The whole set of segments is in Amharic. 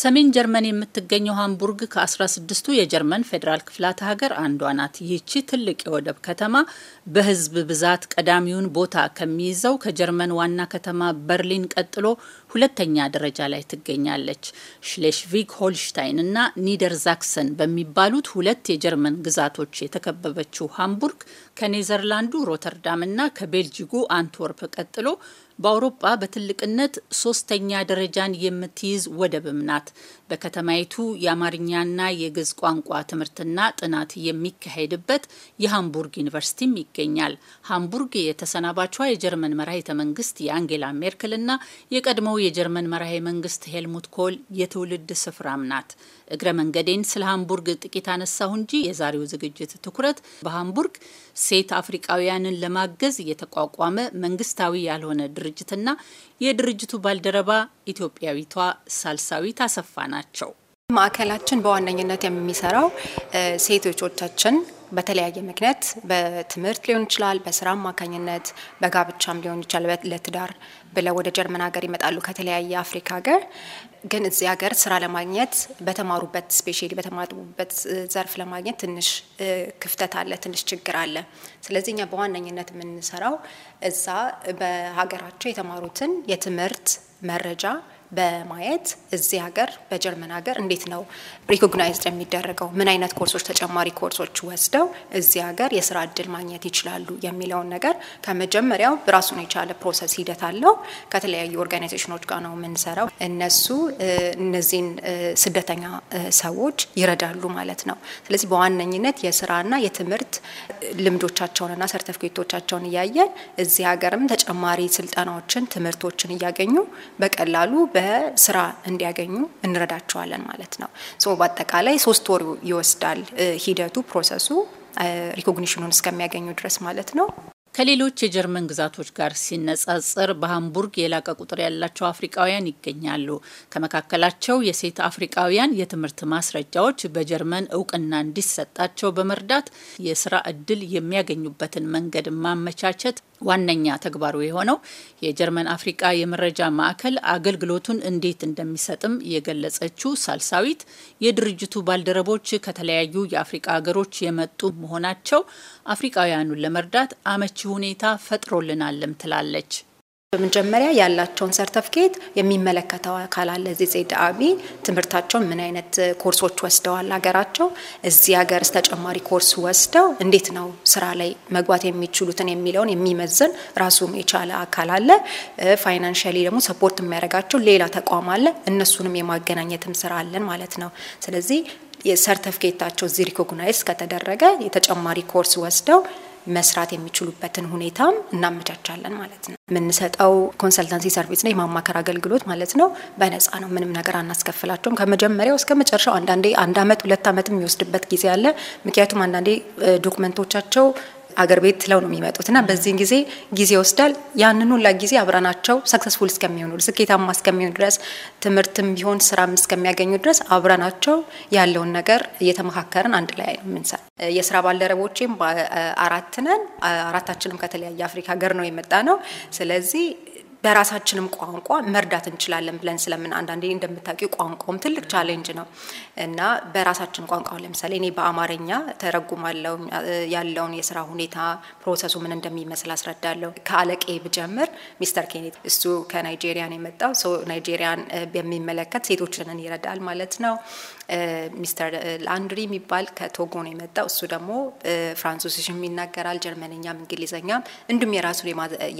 ሰሜን ጀርመን የምትገኘው ሃምቡርግ ከ16ቱ የጀርመን ፌዴራል ክፍላተ ሀገር አንዷ ናት። ይህቺ ትልቅ የወደብ ከተማ በህዝብ ብዛት ቀዳሚውን ቦታ ከሚይዘው ከጀርመን ዋና ከተማ በርሊን ቀጥሎ ሁለተኛ ደረጃ ላይ ትገኛለች። ሽሌሽቪግ ሆልሽታይን እና ኒደርዛክሰን በሚባሉት ሁለት የጀርመን ግዛቶች የተከበበችው ሃምቡርግ ከኔዘርላንዱ ሮተርዳም እና ከቤልጂጉ አንትወርፕ ቀጥሎ በአውሮጳ በትልቅነት ሶስተኛ ደረጃን የምትይዝ ወደብም ናት። በከተማይቱ የአማርኛና የግዕዝ ቋንቋ ትምህርትና ጥናት የሚካሄድበት የሃምቡርግ ዩኒቨርሲቲም ይገኛል። ሃምቡርግ የተሰናባቿ የጀርመን መራሄተ መንግስት የአንጌላ ሜርክልና የቀድሞው የጀርመን መራሄ መንግስት ሄልሙት ኮል የትውልድ ስፍራም ናት። እግረ መንገዴን ስለ ሃምቡርግ ጥቂት አነሳሁ እንጂ የዛሬው ዝግጅት ትኩረት በሃምቡርግ ሴት አፍሪቃውያንን ለማገዝ የተቋቋመ መንግስታዊ ያልሆነ ድርጅትና የድርጅቱ ባልደረባ ኢትዮጵያዊቷ ሳልሳዊት አሰፋ ናት። ናቸው። ማዕከላችን በዋነኝነት የሚሰራው ሴቶቻችን በተለያየ ምክንያት በትምህርት ሊሆን ይችላል፣ በስራ አማካኝነት፣ በጋብቻም ሊሆን ይችላል፣ ለትዳር ብለው ወደ ጀርመን ሀገር ይመጣሉ ከተለያየ አፍሪካ ሀገር። ግን እዚህ ሀገር ስራ ለማግኘት በተማሩበት ስፔሻሊ በተማሩበት ዘርፍ ለማግኘት ትንሽ ክፍተት አለ፣ ትንሽ ችግር አለ። ስለዚህ እኛ በዋነኝነት የምንሰራው እዛ በሀገራቸው የተማሩትን የትምህርት መረጃ በማየት እዚህ ሀገር በጀርመን ሀገር እንዴት ነው ሪኮግናይዝድ የሚደረገው፣ ምን አይነት ኮርሶች ተጨማሪ ኮርሶች ወስደው እዚህ ሀገር የስራ እድል ማግኘት ይችላሉ የሚለውን ነገር ከመጀመሪያው ራሱን የቻለ ፕሮሰስ ሂደት አለው። ከተለያዩ ኦርጋናይዜሽኖች ጋር ነው የምንሰራው። እነሱ እነዚህን ስደተኛ ሰዎች ይረዳሉ ማለት ነው። ስለዚህ በዋነኝነት የስራና የትምህርት ልምዶቻቸውንና ሰርተፊኬቶቻቸውን እያየን እዚህ ሀገርም ተጨማሪ ስልጠናዎችን ትምህርቶችን እያገኙ በቀላሉ በስራ እንዲያገኙ እንረዳቸዋለን ማለት ነው። በአጠቃላይ ሶስት ወር ይወስዳል ሂደቱ ፕሮሰሱ ሪኮግኒሽኑን እስከሚያገኙ ድረስ ማለት ነው። ከሌሎች የጀርመን ግዛቶች ጋር ሲነጻጸር በሃምቡርግ የላቀ ቁጥር ያላቸው አፍሪቃውያን ይገኛሉ። ከመካከላቸው የሴት አፍሪቃውያን የትምህርት ማስረጃዎች በጀርመን እውቅና እንዲሰጣቸው በመርዳት የስራ እድል የሚያገኙበትን መንገድ ማመቻቸት ዋነኛ ተግባሩ የሆነው የጀርመን አፍሪቃ የመረጃ ማዕከል አገልግሎቱን እንዴት እንደሚሰጥም የገለጸችው ሳልሳዊት የድርጅቱ ባልደረቦች ከተለያዩ የአፍሪቃ ሀገሮች የመጡ መሆናቸው አፍሪቃውያኑን ለመርዳት አመቺ ሁኔታ ፈጥሮልናልም ትላለች። በመጀመሪያ ያላቸውን ሰርተፍኬት የሚመለከተው አካል አለ። እዚህ አቢ ትምህርታቸውን ምን አይነት ኮርሶች ወስደዋል፣ ሀገራቸው እዚህ ሀገር ተጨማሪ ኮርስ ወስደው እንዴት ነው ስራ ላይ መግባት የሚችሉትን የሚለውን የሚመዝን ራሱም የቻለ አካል አለ። ፋይናንሻሊ ደግሞ ሰፖርት የሚያደርጋቸው ሌላ ተቋም አለ። እነሱንም የማገናኘትም ስራ አለን ማለት ነው። ስለዚህ የሰርተፍኬታቸው እዚህ ሪኮግናይዝ ከተደረገ የተጨማሪ ኮርስ ወስደው መስራት የሚችሉበትን ሁኔታም እናመቻቻለን ማለት ነው። የምንሰጠው ኮንሰልታንሲ ሰርቪስ ነው፣ የማማከር አገልግሎት ማለት ነው። በነፃ ነው፣ ምንም ነገር አናስከፍላቸውም ከመጀመሪያው እስከ መጨረሻው። አንዳንዴ አንድ አመት ሁለት አመት የሚወስድበት ጊዜ አለ። ምክንያቱም አንዳንዴ ዶክመንቶቻቸው አገር ቤት ትለው ነው የሚመጡት እና በዚህን ጊዜ ጊዜ ይወስዳል። ያንን ሁላ ጊዜ አብረናቸው ሰክሰስፉል እስከሚሆኑ ስኬታማ እስከሚሆኑ ድረስ ትምህርትም ቢሆን ስራም እስከሚያገኙ ድረስ አብረናቸው ያለውን ነገር እየተመካከርን አንድ ላይ ነው የምንሰራ። የስራ ባልደረቦቼም አራት ነን። አራታችንም ከተለያየ አፍሪካ ሀገር ነው የመጣ ነው። ስለዚህ በራሳችንም ቋንቋ መርዳት እንችላለን ብለን ስለምን አንዳንዴ እንደምታውቂው ቋንቋውም ትልቅ ቻሌንጅ ነው እና በራሳችን ቋንቋ ለምሳሌ እኔ በአማርኛ ተረጉማለው ያለውን የስራ ሁኔታ ፕሮሰሱ ምን እንደሚመስል አስረዳለሁ። ከአለቄ ብጀምር ሚስተር ኬኔት እሱ ከናይጄሪያን የመጣው ናይጄሪያን በሚመለከት ሴቶችንን ይረዳል ማለት ነው። ሚስተር ላንድሪ የሚባል ከቶጎ ነው የመጣው። እሱ ደግሞ ፍራንሶሲሽም ይናገራል፣ ጀርመንኛም እንግሊዘኛም፣ እንዲሁም የራሱን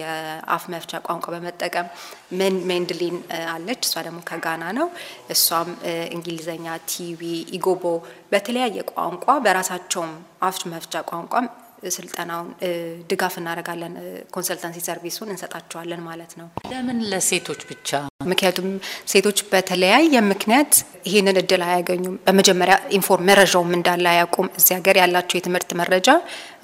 የአፍ መፍቻ ቋንቋ በመጠቀም ሜንድሊን አለች፣ እሷ ደግሞ ከጋና ነው። እሷም እንግሊዘኛ፣ ቲቪ፣ ኢጎቦ በተለያየ ቋንቋ በራሳቸውም አፍ መፍቻ ቋንቋም ስልጠናውን ድጋፍ እናደርጋለን። ኮንሰልታንሲ ሰርቪሱን እንሰጣቸዋለን ማለት ነው። ለምን ለሴቶች ብቻ ምክንያቱም ሴቶች በተለያየ ምክንያት ይህንን እድል አያገኙም። በመጀመሪያ ኢንፎርም መረጃውም እንዳለ አያውቁም። እዚህ ሀገር ያላቸው የትምህርት መረጃ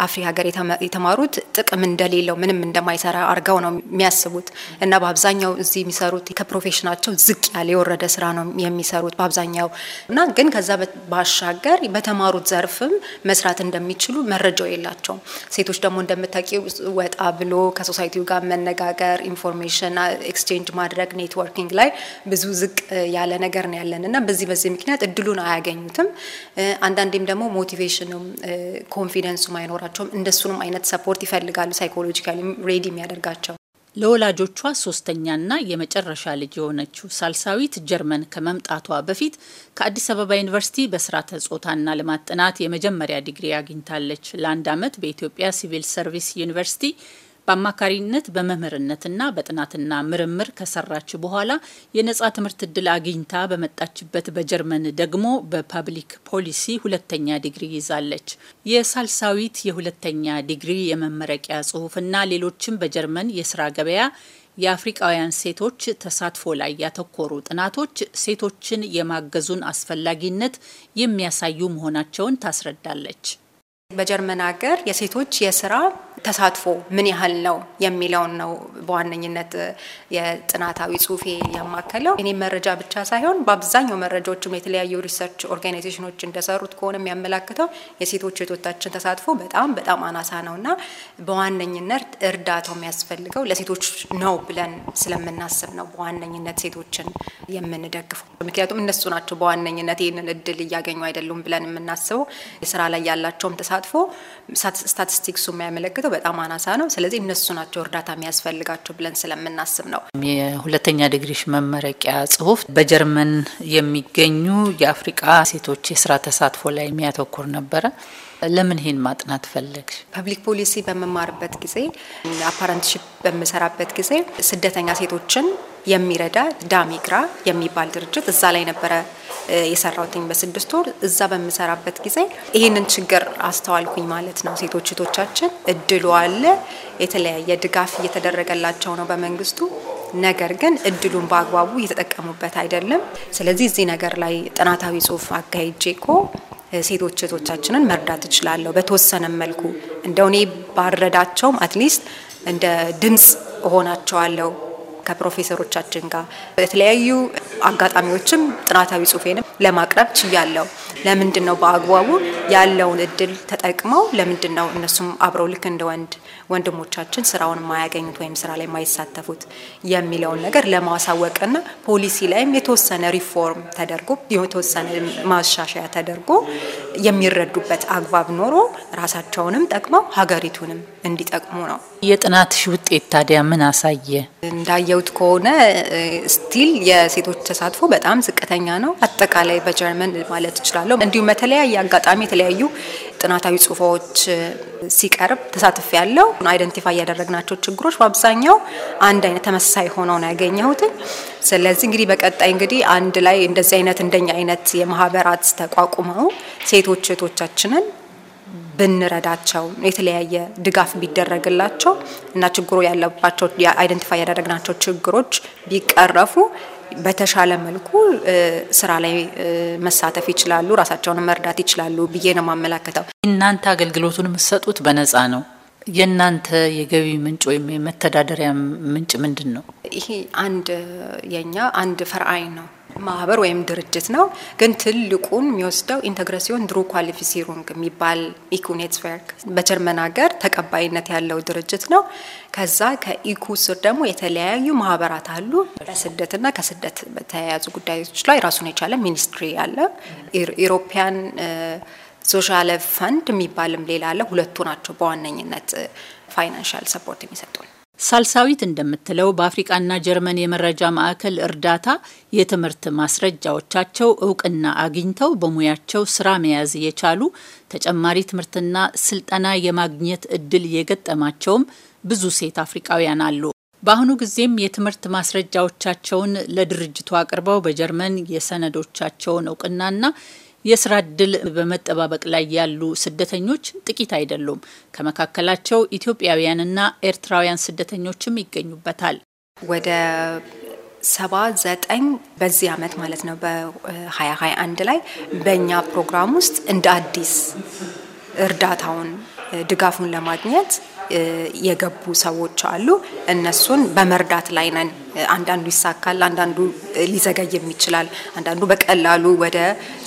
አፍሪ ሀገር የተማሩት ጥቅም እንደሌለው ምንም እንደማይሰራ አርገው ነው የሚያስቡት እና በአብዛኛው እዚህ የሚሰሩት ከፕሮፌሽናቸው ዝቅ ያለ የወረደ ስራ ነው የሚሰሩት በአብዛኛው እና ግን ከዛ ባሻገር በተማሩት ዘርፍም መስራት እንደሚችሉ መረጃው የላቸውም። ሴቶች ደግሞ እንደምታውቂው ወጣ ብሎ ከሶሳይቲው ጋር መነጋገር፣ ኢንፎርሜሽን ኤክስቼንጅ ማድረግ፣ ኔትወርክ ኔትወርኪንግ ላይ ብዙ ዝቅ ያለ ነገር ነው ያለን እና በዚህ በዚህ ምክንያት እድሉን አያገኙትም። አንዳንዴም ደግሞ ሞቲቬሽንም ኮንፊደንሱም አይኖራቸውም። እንደሱንም አይነት ሰፖርት ይፈልጋሉ ሳይኮሎጂካሊ ሬዲ የሚያደርጋቸው። ለወላጆቿ ሶስተኛና የመጨረሻ ልጅ የሆነችው ሳልሳዊት ጀርመን ከመምጣቷ በፊት ከአዲስ አበባ ዩኒቨርሲቲ በስራ ጾታና ልማት ጥናት የመጀመሪያ ዲግሪ አግኝታለች። ለአንድ ዓመት በኢትዮጵያ ሲቪል ሰርቪስ ዩኒቨርሲቲ በአማካሪነት በመምህርነትና በጥናትና ምርምር ከሰራች በኋላ የነጻ ትምህርት እድል አግኝታ በመጣችበት በጀርመን ደግሞ በፐብሊክ ፖሊሲ ሁለተኛ ዲግሪ ይዛለች። የሳልሳዊት የሁለተኛ ዲግሪ የመመረቂያ ጽሁፍና ሌሎችም በጀርመን የስራ ገበያ የአፍሪቃውያን ሴቶች ተሳትፎ ላይ ያተኮሩ ጥናቶች ሴቶችን የማገዙን አስፈላጊነት የሚያሳዩ መሆናቸውን ታስረዳለች። በጀርመን ሀገር የሴቶች የስራ ተሳትፎ ምን ያህል ነው የሚለውን ነው በዋነኝነት የጥናታዊ ጽሁፌ ያማከለው። እኔ መረጃ ብቻ ሳይሆን በአብዛኛው መረጃዎችም የተለያዩ ሪሰርች ኦርጋናይዜሽኖች እንደሰሩት ከሆነ የሚያመላክተው የሴቶች ቶታችን ተሳትፎ በጣም በጣም አናሳ ነው እና በዋነኝነት እርዳታው የሚያስፈልገው ለሴቶች ነው ብለን ስለምናስብ ነው በዋነኝነት ሴቶችን የምንደግፈው። ምክንያቱም እነሱ ናቸው በዋነኝነት ይህንን እድል እያገኙ አይደሉም ብለን የምናስበው። የስራ ላይ ያላቸውም ተሳትፎ ስታቲስቲክሱ የሚያመለክተው በጣም አናሳ ነው። ስለዚህ እነሱ ናቸው እርዳታ የሚያስፈልጋቸው ብለን ስለምናስብ ነው። የሁለተኛ ዲግሪሽ መመረቂያ ጽሁፍ በጀርመን የሚገኙ የአፍሪቃ ሴቶች የስራ ተሳትፎ ላይ የሚያተኩር ነበረ። ለምን ይሄን ማጥናት ፈለግ? ፐብሊክ ፖሊሲ በምማርበት ጊዜ አፓረንትሽፕ በምሰራበት ጊዜ ስደተኛ ሴቶችን የሚረዳ ዳሚግራ የሚባል ድርጅት እዛ ላይ ነበረ የሰራውትኝ በስድስት ወር እዛ በምሰራበት ጊዜ ይህንን ችግር አስተዋልኩኝ ማለት ነው። ሴቶች እህቶቻችን እድሉ አለ፣ የተለያየ ድጋፍ እየተደረገላቸው ነው በመንግስቱ። ነገር ግን እድሉን በአግባቡ እየተጠቀሙበት አይደለም። ስለዚህ እዚህ ነገር ላይ ጥናታዊ ጽሁፍ አካሄጄ ኮ ሴቶች እህቶቻችንን መርዳት እችላለሁ በተወሰነ መልኩ እንደው እኔ ባረዳቸውም አትሊስት እንደ ድምፅ እሆናቸዋለሁ ከፕሮፌሰሮቻችን ጋር በተለያዩ አጋጣሚዎችም ጥናታዊ ጽሁፌንም ለማቅረብ ችያለው። ለምንድን ነው በአግባቡ ያለውን እድል ተጠቅመው ለምንድን ነው እነሱም አብረው ልክ እንደ ወንድ ወንድሞቻችን ስራውን የማያገኙት ወይም ስራ ላይ የማይሳተፉት የሚለውን ነገር ለማሳወቅና ፖሊሲ ላይም የተወሰነ ሪፎርም ተደርጎ የተወሰነ ማሻሻያ ተደርጎ የሚረዱበት አግባብ ኖሮ ራሳቸውንም ጠቅመው ሀገሪቱንም እንዲጠቅሙ ነው። የጥናትሽ ውጤት ታዲያ ምን አሳየ? እንዳየ እንዳየሁት ከሆነ ስቲል የሴቶች ተሳትፎ በጣም ዝቅተኛ ነው፣ አጠቃላይ በጀርመን ማለት እችላለሁ። እንዲሁም በተለያየ አጋጣሚ የተለያዩ ጥናታዊ ጽሁፎች ሲቀርብ ተሳትፍ ያለው አይደንቲፋይ ያደረግናቸው ችግሮች በአብዛኛው አንድ አይነት ተመሳሳይ ሆነው ነው ያገኘሁትኝ። ስለዚህ እንግዲህ በቀጣይ እንግዲህ አንድ ላይ እንደዚህ አይነት እንደኛ አይነት የማህበራት ተቋቁመው ሴቶች እህቶቻችንን ብንረዳቸው የተለያየ ድጋፍ ቢደረግላቸው እና ችግሩ ያለባቸው አይደንቲፋይ ያደረግናቸው ችግሮች ቢቀረፉ በተሻለ መልኩ ስራ ላይ መሳተፍ ይችላሉ፣ ራሳቸውን መርዳት ይችላሉ ብዬ ነው ማመላከተው። እናንተ አገልግሎቱን የምትሰጡት በነፃ ነው። የእናንተ የገቢ ምንጭ ወይም የመተዳደሪያ ምንጭ ምንድን ነው? ይሄ አንድ የኛ አንድ ፈርአይ ነው ማህበር ወይም ድርጅት ነው። ግን ትልቁን የሚወስደው ኢንተግሬሲዮን ድሩ ኳሊፊሲሩንግ የሚባል ኢኩ ኔትወርክ በጀርመን ሀገር ተቀባይነት ያለው ድርጅት ነው። ከዛ ከኢኩ ስር ደግሞ የተለያዩ ማህበራት አሉ። ስደትና ከስደት በተያያዙ ጉዳዮች ላይ ራሱን የቻለ ሚኒስትሪ አለ። ኢሮፒያን ሶሻል ፈንድ የሚባልም ሌላ አለ። ሁለቱ ናቸው በዋነኝነት ፋይናንሻል ሰፖርት የሚሰጡን። ሳልሳዊት እንደምትለው በአፍሪቃና ጀርመን የመረጃ ማዕከል እርዳታ የትምህርት ማስረጃዎቻቸው እውቅና አግኝተው በሙያቸው ስራ መያዝ የቻሉ ተጨማሪ ትምህርትና ስልጠና የማግኘት እድል የገጠማቸውም ብዙ ሴት አፍሪቃውያን አሉ። በአሁኑ ጊዜም የትምህርት ማስረጃዎቻቸውን ለድርጅቱ አቅርበው በጀርመን የሰነዶቻቸውን እውቅናና የስራ እድል በመጠባበቅ ላይ ያሉ ስደተኞች ጥቂት አይደሉም። ከመካከላቸው ኢትዮጵያውያንና ኤርትራውያን ስደተኞችም ይገኙበታል። ወደ ሰባ ዘጠኝ በዚህ አመት ማለት ነው በ2021 ላይ በእኛ ፕሮግራም ውስጥ እንደ አዲስ እርዳታውን ድጋፉን ለማግኘት የገቡ ሰዎች አሉ። እነሱን በመርዳት ላይ ነን። አንዳንዱ ይሳካል፣ አንዳንዱ ሊዘገይም ይችላል። አንዳንዱ በቀላሉ ወደ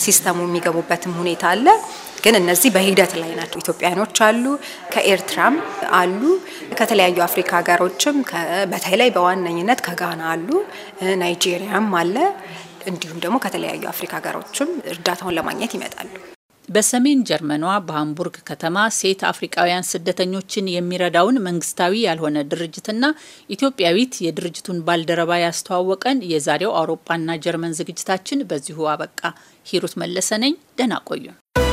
ሲስተሙ የሚገቡበትም ሁኔታ አለ። ግን እነዚህ በሂደት ላይ ናቸው። ኢትዮጵያኖች አሉ፣ ከኤርትራም አሉ፣ ከተለያዩ አፍሪካ ሀገሮችም በተለይ በዋነኝነት ከጋና አሉ፣ ናይጄሪያም አለ። እንዲሁም ደግሞ ከተለያዩ አፍሪካ ሀገሮችም እርዳታውን ለማግኘት ይመጣሉ። በሰሜን ጀርመኗ በሃምቡርግ ከተማ ሴት አፍሪቃውያን ስደተኞችን የሚረዳውን መንግስታዊ ያልሆነ ድርጅትና ኢትዮጵያዊት የድርጅቱን ባልደረባ ያስተዋወቀን የዛሬው አውሮፓና ጀርመን ዝግጅታችን በዚሁ አበቃ። ሂሩት መለሰ ነኝ። ደህና ቆዩን።